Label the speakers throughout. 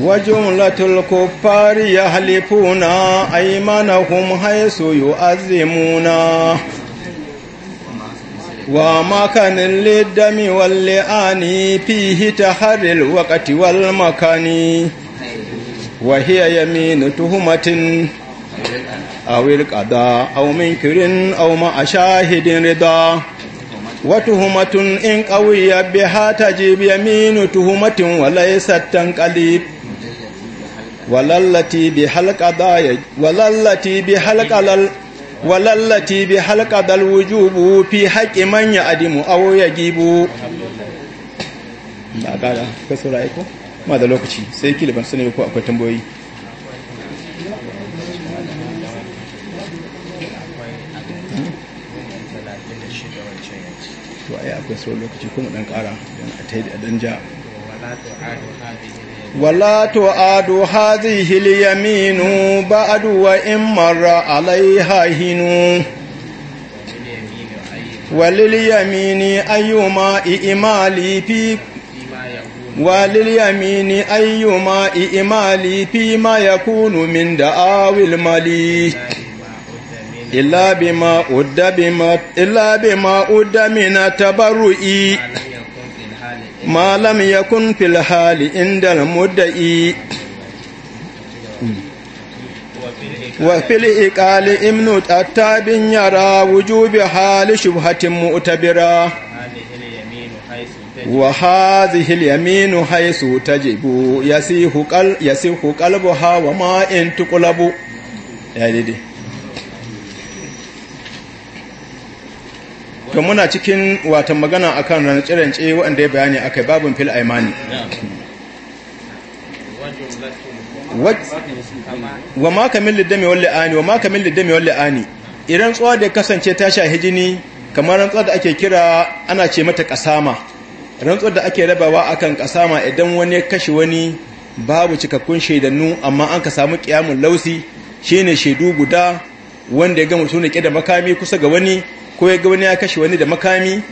Speaker 1: وجملة الكفار يحلفون أيمانهم حيث يؤذمون وما كان للدم واللآن فيه تحر الوقت والمكان وهي يمين تهمة أو القضاء أو منكر أو مع شاهد رضا watuhumatun in ƙawiyya bi hata jibiya minu tuhumatin walaisattan ƙalib walallati bi halka daya walallati bi halka lal walallati bi dal wujubu fi haƙi manya adimu awo ya sai ko akwai tamboyi akan so lokaci kuma dan kara don a ta da dan ja wala adu hadhihi al-yaminu ba'du wa in marra 'alayha hinu ولليمين أيما ayyuma i ولليمين أيما إمالي فيما يكون min da'awil mali. illa ma udda bima illa bima udda min tabarru'i ma lam yakun fil hali inda al-mudda'i wa fil iqali ibnu tabin yara wujubi hali shubhatin mu'tabira wa hadhihi al-yaminu haythu tajibu yasihu qal yasihu qalbuha wa ma in tuqlabu to muna cikin watan magana akan rance-rance wanda ya bayani akai babun fil aimani wa ma kamil liddami wal la'ani wa ma kamil liddami wal la'ani idan tsawa da kasance ta shahi jini kamar rantsar da ake kira ana ce mata kasama rantsar da ake rabawa akan kasama idan wani ya kashe wani babu cikakkun shaidannu amma an ka samu kiyamun lausi shine shaidu guda wanda ya ga mutum ne da makami kusa ga wani ko ya ga wani ya kashe wani da makami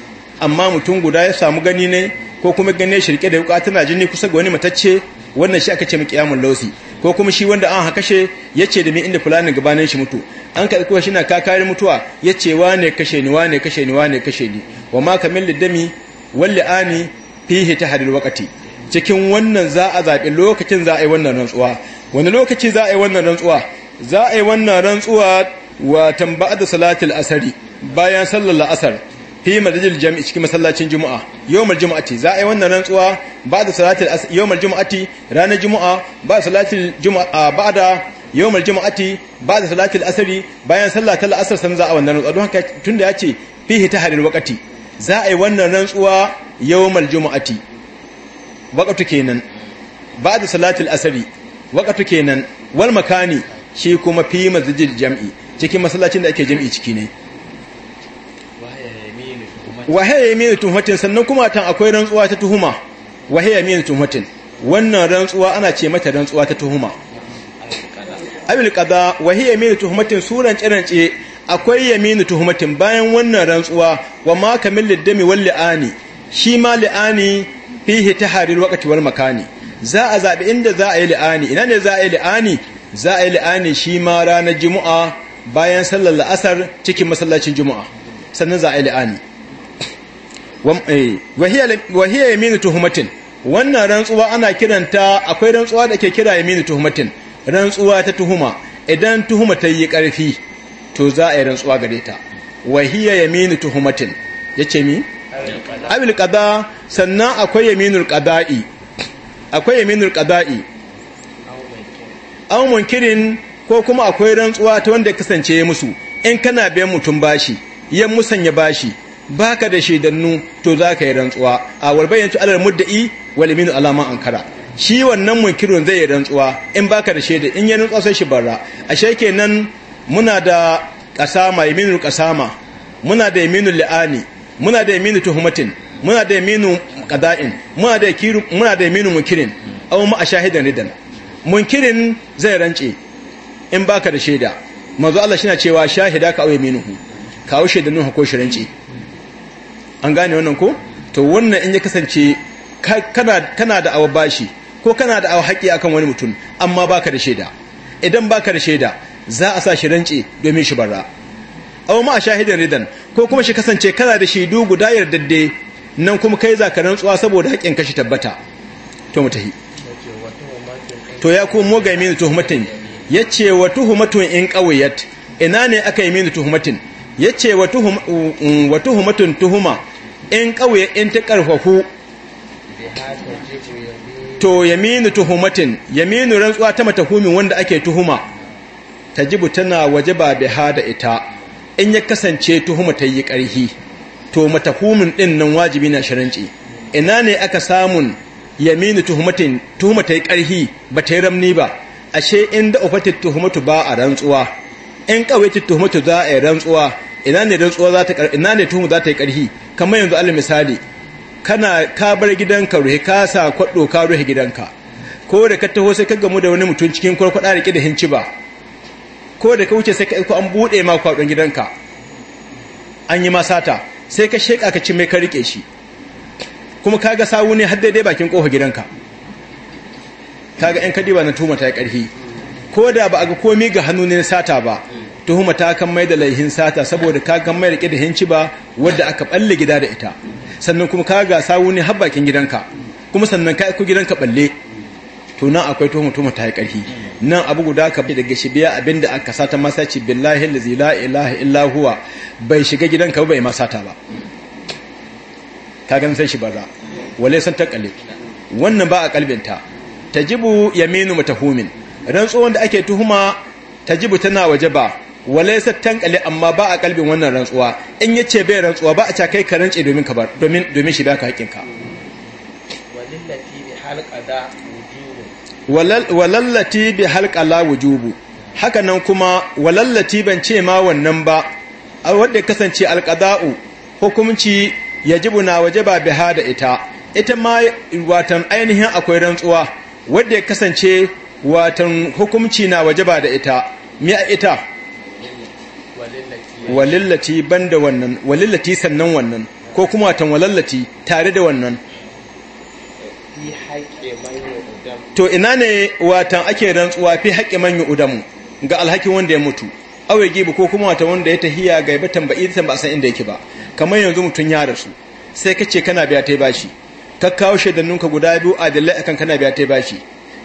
Speaker 1: amma mutum guda ya samu gani ne ko kuma gane shi rike da wuka tana jini kusa ga wani matacce wannan shi aka ce mu qiyamul lausi ko kuma shi wanda an kashe ce da me inda fulani gabanin shi mutu an ka kuma shina kakari mutuwa ya ce wane kashe ni wane kashe ni wane kashe ni wa ma kamil dami walli ani fihi tahdil waqti cikin wannan za a zaɓi lokacin za a yi wannan rantsuwa wani lokaci za a yi wannan rantsuwa za a yi wannan rantsuwa wa tamba'ad da salatul asari bayan sallar la'asar fi madajil jami'i cikin masallacin juma'a yawmal juma'ati za a yi wannan rantsuwa ba'da salatul yawmal juma'ati ranar juma'a ba salatul juma'a ba'da yawmal juma'ati ba'da salatul asari bayan sallah ta asr san za a wannan rantsuwa don haka tunda yace fihi tahril waqati za a yi wannan rantsuwa yawmal juma'ati waqatu kenan ba'da salatul asari waqatu kenan wal makani shi kuma fi madajil jami'i cikin masallacin da ake jami'i ciki ne wahaya tuhumatin sannan kuma tan akwai rantsuwa ta tuhuma wahaya yaminu tuhumatin wannan rantsuwa ana ce mata rantsuwa ta tuhuma abil qada wahaya yaminu tuhumatin suran cirance akwai yaminu tuhumatin bayan wannan rantsuwa wa ma kamil liddami wal li'ani shi ma li'ani fihi ta waqti wal makani za a zabi inda za a yi li'ani ina ne za a yi li'ani za a yi li'ani shi ma ranar juma'a bayan sallar la'asar cikin masallacin juma'a sannan za a yi la'ani wahiyar eh, mini tuhumatin wannan rantsuwa ana kiranta akwai rantsuwa da ke kira yaminu tuhumatin rantsuwa ta tuhuma idan tuhuma ta yi ƙarfi to za a yi rantsuwa gare ta wahiyar mini tuhumatin ya ce mi? abil kada sannan akwai yaminul kada'i akwai yaminul kada'i an kirin ko kuma akwai rantsuwa ta wanda kasance ya musu in kana biyan mutum bashi yan musanya bashi baka da shaidannu to za ka yi rantsuwa a walbayyantu alal mudda'i wal yaminu alama ankara shi wannan munkirin zai yi rantsuwa in baka da shaida in ya rantsuwa sai shi barra ashe nan muna da kasama yaminu kasama muna da yaminu li'ani muna da yaminu tuhumatin muna da yaminu qada'in muna da yaminu munkirin ma munkirin zai rance in baka da shaida manzo Allah shi cewa shahida ka auye minuhu kawo nuhu ko shirinci an gane wannan ko to wannan in ya kasance kana da awa bashi ko kana da awa haƙi akan wani mutum amma baka da shaida idan baka da shaida za a sa shi rance domin shi barra aw ma shahidan ridan ko kuma shi kasance kana da shaidu guda yardadde nan kuma kai zaka rantsuwa saboda haƙin ka shi tabbata to mutahi to ya ko moga mai ya ce wa tuhumatun in ƙawayat ina ne aka yi mini tuhumatin ya ce mm, wa tuhumatun tuhuma in ƙawiyat in ta ƙarfafu to ya mini tuhumatin mini rantsuwa ta matahumin wanda ake tuhuma Ta tajibu tana waje ba biha da ita in ya kasance tuhuma ta yi ƙarhi to matahumin ɗin nan wajibi na sharanci ina ne aka samun ya mini tuhumatin tuhuma ta yi ƙarhi ba ta yi ramni ba ashe in da ufatit tuhumatu ba a rantsuwa in kawaitit tuhumatu za a yi rantsuwa ina ne rantsuwa za ta ina ne tuhumu za ta yi karhi kamar yanzu alal misali kana ka bar gidanka ruhi ka sa kwado ka ruhi gidanka ko da ka taho sai ka gamu da wani mutum cikin kwarkwada rike da hinci ba ko da ka wuce sai ka iko an bude ma kwadon gidanka an yi masata sai ka sheka ka ci mai ka rike shi kuma kaga sawu ne har daidai bakin kofar gidanka kaga in kadiba na tuhuma ta karhi ko da ba a ga komai ga hannu ne sata ba tuhuma ta kan mai da laihin sata saboda ka kan mai rike da hinci ba wadda aka balle gida da ita sannan kuma ka ga sawu ne har bakin gidanka kuma sannan ka ku gidanka balle to nan akwai tuhuma tuhuma ta karhi nan abu guda ka bi daga shibiya biya abinda aka sata masa ci billahi allazi la ilaha illa huwa bai shiga gidanka ba bai ma sata ba ka gan sai shi baza wale san ta kalle wannan ba a kalbinta tajibu yaminu mutahumin rantsuwan da ake tuhuma tajibu tana waje ba walaysa tanqali amma ba a kalbin wannan rantsuwa in yace bai rantsuwa ba a ta kai ka rantse domin ka bar domin domin shi baka hakinka walallati bi halqala wujubu haka nan kuma walallati ban ce ma wannan ba wanda kasance alqada'u hukumci yajibu na waje ba biha da ita ita ma watan ainihin akwai rantsuwa wadda ya kasance watan hukumci na wajaba da ita miya ita walillati da wannan walillati sannan wannan ko kuma watan walallati tare da wannan to ina ne watan ake rantsuwa fi haƙƙi manyan udamu ga alhakin wanda ya mutu awai gibi ko kuma watan wanda ya tahiya ga yaba tambayi ba san inda yake ba kamar yanzu mutum ya rasu sai kace kana biya ta yi bashi ta kawo shaidannunka guda biyu a dalilai akan kana biya ta bashi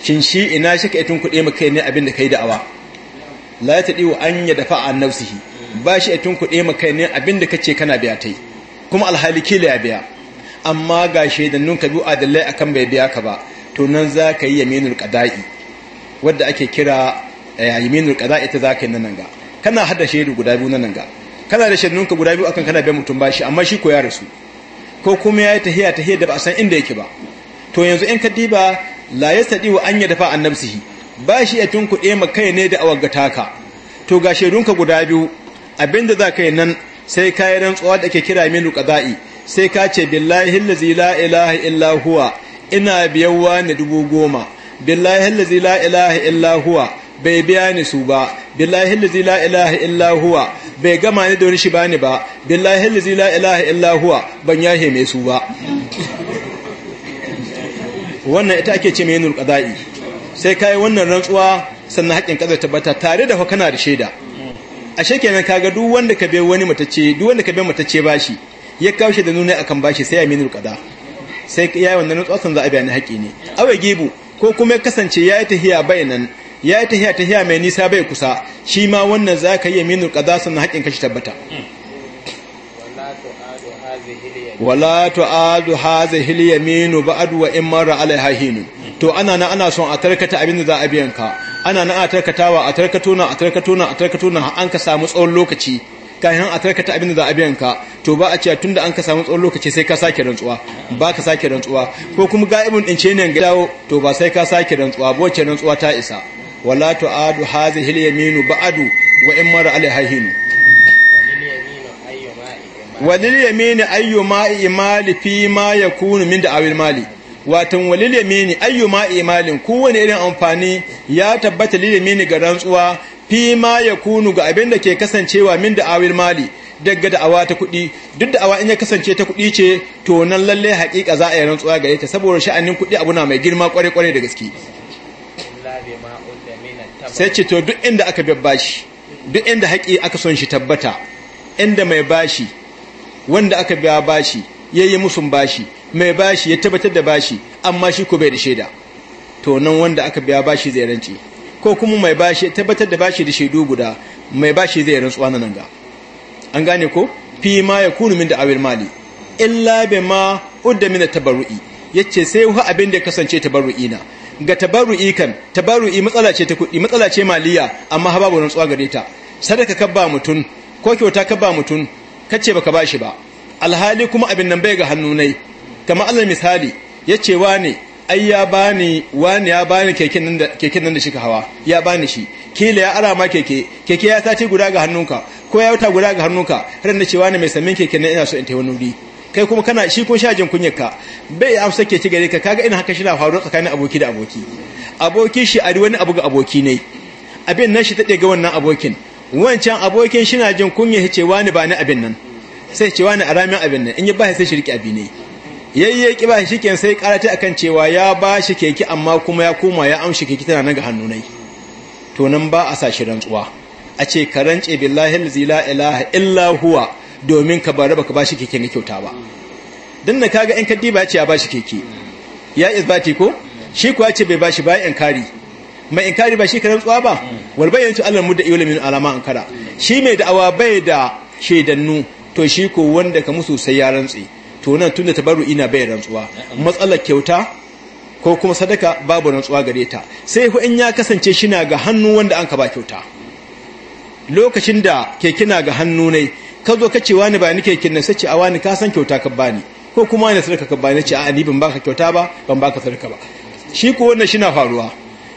Speaker 1: shin shi ina shi ka itun kuɗe maka ne abin da kai da'awa la ya taɗi wa an ya dafa an nafsihi bashi itun kuɗe maka ne abin da kace kana biya tai kuma alhali kila ya biya amma ga shaidannunka biyu a dalilai akan bai biya ka ba to nan za ka yi yaminul qada'i wadda ake kira eh, yaminul qada'i ta za ka yi nan ga kana hada shaidu guda biyu nan ga kana da shaidunka guda biyu akan kana biya mutum bashi amma shi ko ya rasu ko kuma ya yi tahiya tahiya da ba a san inda yake ba to yanzu in ka diba la ya sadi wa an dafa an ba shi tun kuɗe ma kai ne da a awagata ka to ga shaidunka guda biyu abinda za ka yi nan sai ka yi rantsuwa da ke kira minu Ƙaza'i, sai ka ce billahi la ilaha illa huwa ina biyawa ne dubu goma billahi la ilaha illa huwa bai biya ni su ba billahi allazi la ilaha illa huwa bai gama ni da wani shi bani ba billahi allazi la ilaha illa huwa ban yahe mai su ba wannan ita ake ce mai nul qada'i sai kai wannan rantsuwa sannan haƙin kaza tabbata tare da kana da shaida ashe kenan kaga duk wanda ka bai wani mutace duk wanda ka bai matace bashi ya kawo shi da nuna akan bashi sai ya mai nul qada sai yayi wannan rantsuwa sannan za a bayani haƙi ne awai gibu ko kuma ya kasance yayi tahiya bayanan ya yi tahiya tahiya mai nisa bai kusa shi ma wannan za ka yi minul kaza sannan haƙin kashi tabbata wala to tu'adu hazihil minu ba wa in mara alaiha hinu to ana na ana son a tarkata abin da za a biyan ka ana na a tarkatawa a tarkato na a tarkato na a tarkato na an ka samu tsawon lokaci kayan a tarkata abin da za a biyan ka to ba a tun da an ka samu tsawon lokaci sai ka sake rantsuwa ba ka sake rantsuwa ko kuma ga'ibin din ce ne ga dawo to ba sai ka sake rantsuwa ba wacce rantsuwa ta isa wala tu'adu hadhihi al-yaminu ba'du wa in mara al-hayyin walil yamini ayyu ma'i imali fi ma yakunu min da'awil mali watan walil yamini ayyu ma'i imalin kowane irin amfani ya tabbata lil yamini ga rantsuwa fi ma yakunu ga abin da ke kasancewa min da'awil mali daga da'awa ta kuɗi duk da'awa in ya kasance ta kuɗi ce to nan lalle haƙiƙa za a yi rantsuwa ga ita saboda sha'anin kuɗi abu na mai girma kware-kware da gaske sai ce to duk inda aka bashi duk inda haƙi aka son shi tabbata inda mai bashi wanda aka biya bashi yayi musun bashi mai bashi ya tabbatar da bashi amma shi ko bai da shaida to nan wanda aka biya bashi zai rance ko kuma mai bashi ya tabbatar da bashi da shaidu guda mai bashi zai rantsuwa nan ga an gane ko fi ma ya kunu min da awil mali illa bima udda min tabarru'i yace sai hu abin da ya kasance tabarru'i na ga tabarru'i kan tabarru'i matsala ce ta kuɗi matsala ce maliya amma haba babu tsuwa gare ta sadaka ka ba ko kyauta ka ba mutum kace baka bashi ba alhali kuma abin nan bai ga hannu nai kamar Allah misali yace wane ai ya bani wani ya bani keken nan da keken nan da shi hawa ya bani shi kila ya ara ma keke keke ya sati guda ga hannunka ko ya wuta guda ga hannunka ran da cewa ne mai samin keke nan ina so in tayi wani wuri kai kuma kana shi kun sha jin ka. bai ya amsa ke ci gare ka kaga ina haka shi na faruwa tsakanin aboki da aboki aboki shi a wani abu ga aboki ne abin nan shi ta ga wannan abokin wancan abokin shi na jin kunya ce wani ba ni abin nan sai ce wani aramin abin nan in yi ba sai shi riƙe abin ne yayye ki ba shi ken sai karata akan cewa ya ba shi keki amma kuma ya koma ya amshi keki tana nan ga hannu to nan ba a sa shi rantsuwa a ce ka rance billahi la ilaha illa huwa domin ka bari baka bashi keke na kyauta ba dan na kaga in ba ce ya bashi keke ya isbati ko shi kuwa ce bai bashi ba in kari mai in kari ba shi ka tsuwa ba wal bayyana Allah mudda iwla min alama an kara shi mai da'awa bai da shaidannu to shi ko wanda ka musu sai ya rantsi to nan tun tunda tabaru ina bai rantsuwa matsalar kyauta ko kuma sadaka babu rantsuwa gare ta sai ku in ya kasance shi na ga hannu wanda an ka ba kyauta lokacin da keke na ga hannu ne ka zo ka ce wani ba nike kin nan ce a wani ka san kyauta ka bani ko kuma wani sarka ka bani ce a ni ban baka kyauta ba ban baka sarka ba shi ko wannan shi na faruwa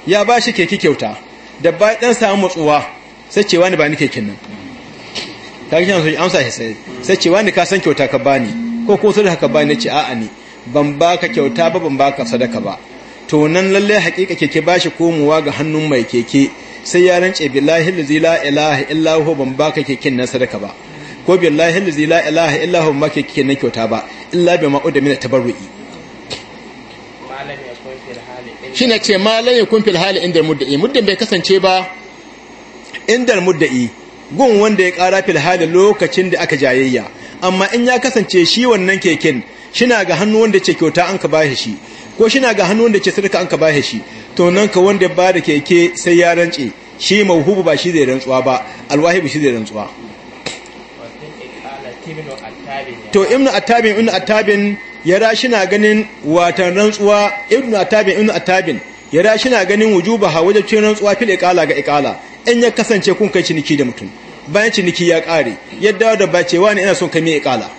Speaker 1: ya ba shi keke kyauta da ba dan samu matsuwa ce wani ba nike kin nan ka ga shi amsa shi sai ce wani ka san kyauta ka bani ko ko sarka ka bani ce a ni ban baka kyauta ba ban baka sadaka ba to nan lalle hakika keke shi komowa ga hannun mai keke sai ya rance billahi la ilaha illa huwa ban baka keken nan sadaka ba ko billahi allazi la ilaha illa huwa ke kike nan kyauta ba illa bi ma'ud min tabarru'i shine ce malan yakun fil hali inda mudda'i muddin bai kasance ba inda mudda'i gun wanda ya kara fil hali lokacin da aka jayayya amma in ya kasance shi wannan keken shina ga hannu wanda ce kyauta an ka bashi shi ko shina ga hannu wanda ce sadaka an ka bashi shi to nan ka wanda ba da keke sai ya rance shi mauhubu ba shi zai rantsuwa ba alwahibu shi zai rantsuwa to ibnu attabin ibnu attabin ya shi na ganin watan rantsuwa ibnu attabin ibnu attabin ya shi na ganin wujuba ha wajibcin rantsuwa fil iqala ga iqala in ya kasance kun kai ciniki da mutum bayan ciniki ya kare yadda da ba cewa ne ina son kai mai iqala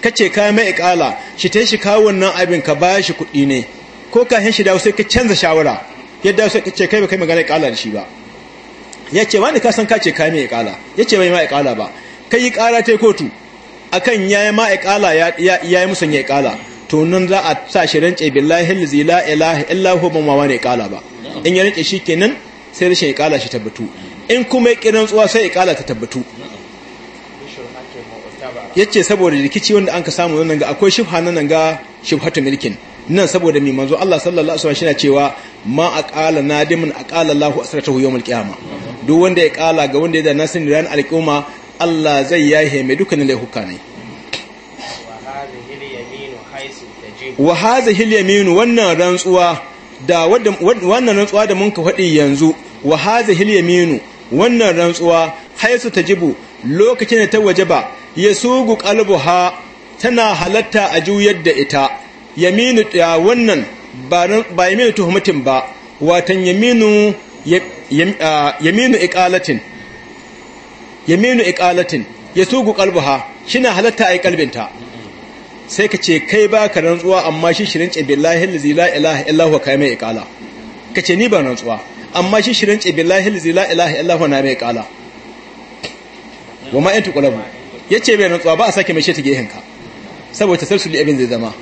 Speaker 1: kace kai mai iqala shi tai shi kawo wannan abin ka ba shi kuɗi ne ko ka hin shi da sai ka canza shawara yadda sai ce kai ba kai magana iqala da shi ba yace wani ka san ka ce kai mai iqala yace bai mai iqala ba kai yi kara tai kotu akan yayi ma iqala ya yayi ya iqala to nan za a sa shi rance billahi la ilaha illa huwa ma wani iqala ba in ya rance shikenan sai rashin iqala shi tabbatu in kuma ya kiran tsuwa sai iqala ta tabbatu yace saboda rikici wanda anka samu nan ga akwai shubha nan ga shubhatu milkin nan saboda mai manzo Allah sallallahu alaihi wasallam cewa ma aqala nadimun aqala Allahu asratahu yawm alqiyama duk wanda ya kala ga wanda ya da nasin ran alqiyama Allah zai yahe mai dukkanin laifuka ne wa hazihil yaminu wannan rantsuwa da wannan rantsuwa da mun ka faɗi yanzu Wahaza hazihil yaminu wannan rantsuwa haisu jibu lokacin da ta waje ba. yasugu qalbuha tana halatta a juyar da ita yaminu ya wannan ba yaminu tuhumatin ba watan yaminu yaminu iqalatin yaminu iqalatin ha, shi na halatta a yi kalbinta sai ka ce kai ba ka rantsuwa amma shi shirin ce billahi zila ilaha illa huwa kai mai ikala. ka ce ni ba rantsuwa amma shi shirin ce billahi zila la ilaha illa huwa na mai ikala. wa ma yantu Ya ce bai rantsuwa ba a sake mai shi ta gehen ka saboda tasalsul abin zai zama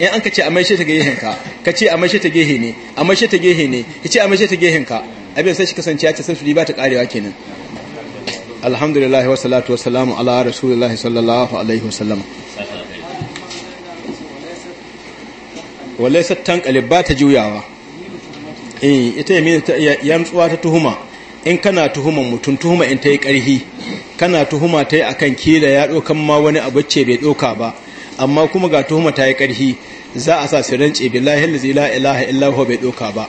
Speaker 1: in an ka ce a mai shi ta gehen ka ka ce a mai shi ta gehe ne a mai shi ta gehe ne ce a mai shi ta gehen ka abin sai shi kasance ya ce tasalsul ba ta karewa kenan alhamdulillah wa salatu wa salamu ala rasulullahi sallallahu alaihi wa sallam walaisar tankalib ba ta juyawa eh ita yamina ta yamtsuwa ta tuhuma in kana tuhuman mutum tuhuma in ta yi ƙarhi kana tuhuma ta yi akan kila ya ɗokan ma wani abu ce bai ɗoka ba amma kuma ga tuhuma ta yi ƙarhi za a sa su rance billahi la ilaha illa huwa bai ɗoka ba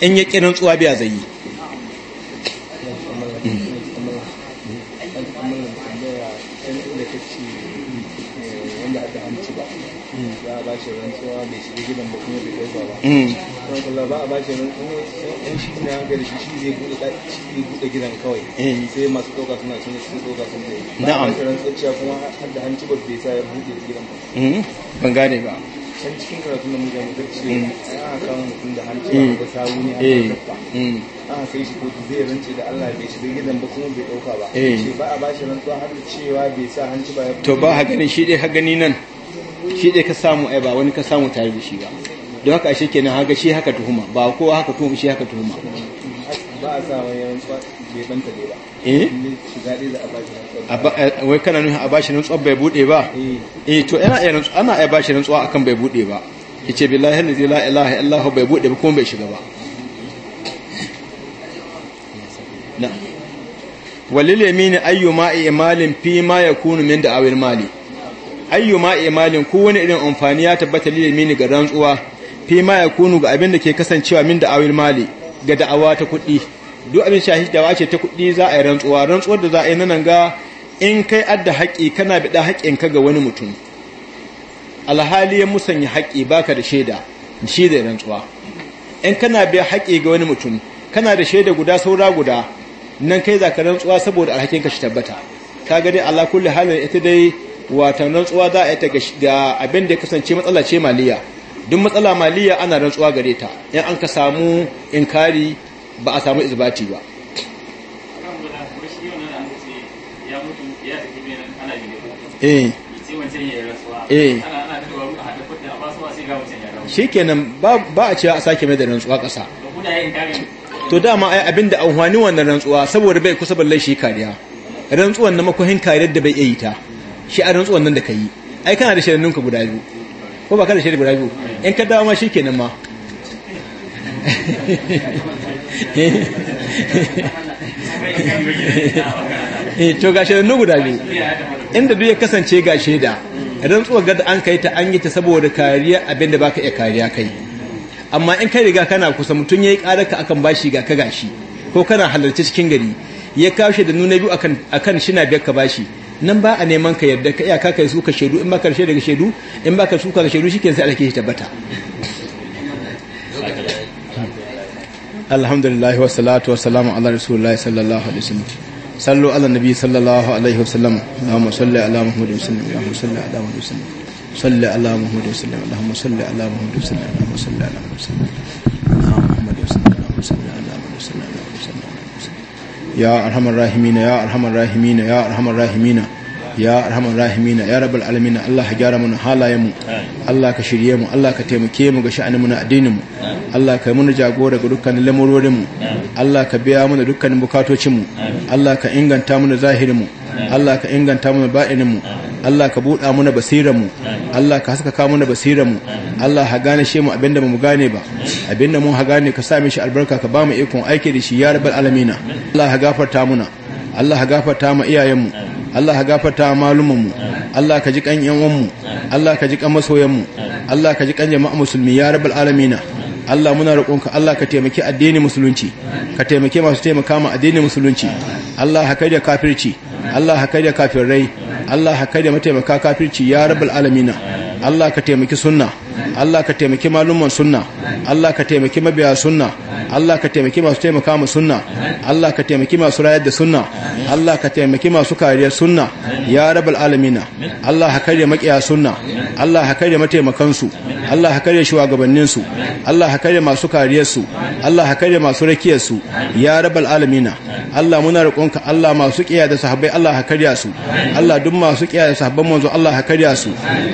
Speaker 1: in ya ƙi rantsuwa biya zai yi gidan ɗauka ba mm. ba a ba shi shi ne shi shi gidan kawai mm. sai masu ɗauka suna ɗauka sun ba kuma har da hanci bai sa gidan ba mm. ban gane ba can cikin karatu na mujan mutum ce a kawo mutum da hanci ba sawu ne a eh. kafa a kai shi kotu zai rance da Allah bai shiga gidan ba kuma bai ɗauka ba eh. ba a ba rantsuwa har da cewa bai sa hanci ba ya to ba haka ne shi dai haka ni nan shi dai ka samu ai ba wani ka samu tare da shi ba don haka ashe kenan haka shi haka tuhuma ba kowa haka tuhuma shi haka tuhuma ba a sa wani bebanta dai eh? ba eh wai kana nuna a bashi rantsuwa bai bude ba eh. eh to ana iya rantsuwa ana ai bashi rantsuwa akan bai bude ba yace billahi la ilaha illallah bai bude ba kuma bai shiga ba na walil yamin ayyuma imalin fi ma yakunu min da'awil mali ayyuma imalin ko wani irin amfani ya tabbata lil mini ga rantsuwa fi ma yakunu ga abin da ke kasancewa min da awil mali ga da'awa ta kuɗi duk abin shahi da ce ta kuɗi za a yi rantsuwa rantsuwar da za a yi nan ga in kai adda haƙi kana biɗa haƙin ka ga wani mutum alhali ya musanya haƙi baka da shaida shi da rantsuwa in kana biya haƙi ga wani mutum kana da shaida guda saura guda nan kai za ka rantsuwa saboda alhakin ka shi tabbata ka ga dai Allah kulli halin ita dai wata rantsuwa za a yi ta ga abin da ya kasance matsala ce maliya duk matsala maliya ana rantsuwa gare ta in an ka samu inkari ba a samu izbati ba eh. eh. shi ba a cewa a sake mai da rantsuwa ƙasa to dama ai abin da an hwani wannan rantsuwa saboda bai kusa ballai shi kariya rantsuwan na makuhin kariyar da bai iya yi ta shi a rantsuwan nan da ka yi ai kana da ka guda biyu ko ba kana da shaidan guda biyu in ka dawo ma shi kenan ma eh, to ga nan guda biyu inda duk ya kasance ga shaida rantsuwar gada an kai ta an yi ta saboda kariya abin da baka iya kariya kai amma in kai riga kana kusa mutum ya yi karaka akan bashi ga ka gashi ko kana halarci cikin gari ya kawo da nuna biyu akan shina biyar ka bashi nan ba a neman ka yarda ka iyaka kai suka shaidu in ba karshe daga shaidu in ba ka suka da shaidu shike sai alake shi tabbata alhamdulillah wa salatu wa salamu ala rasulullahi sallallahu alaihi wasallam sallu ala nabi sallallahu alaihi wasallam allahumma salli ala muhammadin sallallahu alaihi wasallam allahumma salli ala muhammadin sallallahu alaihi wasallam allahumma salli ala muhammadin sallallahu alaihi wasallam allahumma salli ala muhammadin sallallahu alaihi wasallam يا أرحم الراحمين يا أرحم rahimina يا أرحم الراحمين ya arhamar rahimina ya rabar alamina. Allah ka gyara mana halayenmu Allah ka shirye mu Allah ka taimake mu ga sha'aninmu na addinin mu Allah ka yi mana jagora ga dukkanin lamurorin mu Allah ka biya mana dukkanin bukatocin mu Allah ka inganta mana zahirin mu Allah ka inganta mana baɗinin mu Allah ka buɗa muna basiran mu Allah ka haska ka muna basiran mu Allah ha gane shi mu abinda mu gane ba abinda mu ha gane ka sa mishi albarka ka ba mu ikon aiki da shi ya rabbal alamina Allah ha gafarta muna Allah ha gafarta ma iyayen mu Allah ha gafarta malumanmu Allah ka ji kan yan mu. Allah ka ji kan masoyanmu Allah ka ji kan jama'a musulmi ya rabbal alamina Allah muna roƙonka Allah ka taimaki addinin musulunci ka taimake masu taimaka ma addinin musulunci Allah ha kai da kafirci Allah ha kai da kafirai Allah ka da mataimaka kafirci ya rabbal alamina Allah ka taimaki sunna Allah ka taimaki malumman sunna Allah ka taimaki mabiya sunna Allah ka taimaki masu taimaka mu sunna Allah ka taimaki masu rayar da sunna Allah ka taimaki masu kariyar sunna ya rabbal alamina Allah ka da makiya sunna Allah ka da mataimakan su Allah ka da shugabannin su Allah ka da masu kariyar su Allah ka da masu rakiyar su ya rabbal alamina Allah muna roƙonka Allah masu kiyaye da sahabbai Allah ka kariya su Allah duk masu kiyaye da sahabban manzo Allah ka kariya su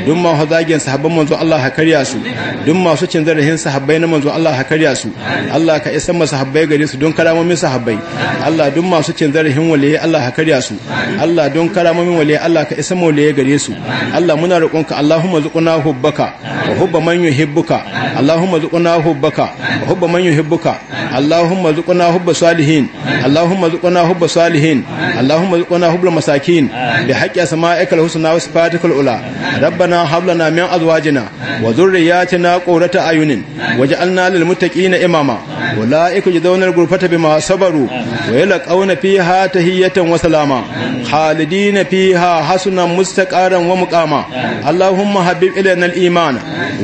Speaker 1: duk masu zagin sahabban manzo Allah ka kariya su duk masu cin zarafin sahabbai na manzo Allah ka kariya su Allah ka isar masa sahabbai gare su don karamomin sahabbai Allah duk masu cin zarafin waliyi Allah ka kariya su Allah don karamomin waliyi Allah ka isa waliyi gare su Allah muna roƙonka Allahumma zuqna hubbaka wa hubba man yuhibbuka Allahumma zuqna hubbaka wa hubba man yuhibbuka Allahumma zuqna hubba salihin Allahumma اللهم ارزقنا حب الصالحين اللهم ارزقنا حب المساكين بحق اسمائك الحسنى وصفاتك العلى ربنا هب لنا من ازواجنا وذرياتنا قرة اعين واجعلنا للمتقين اماما ji zaunar al bi ma. sabaru wa yalqauna fiha tahiyatan wa salama khalidina fiha hasunan mustaqaran wa muƙama. allahumma habib ilayna iman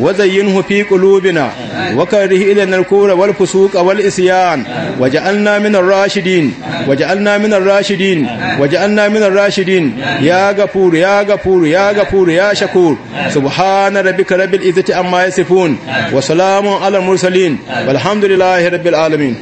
Speaker 1: wa zayyinhu fi qulubina wa karih ilayna kura wal fusuqa wal isyan waj'alna min ar-rashidin waj'alna min rashidin waj'alna min rashidin ya gafuru ya gafuru ya gafuru ya shakur subhana rabbika rabbil izzati amma yasifun wa salamun alal mursalin walhamdulillahi لله رب العالمين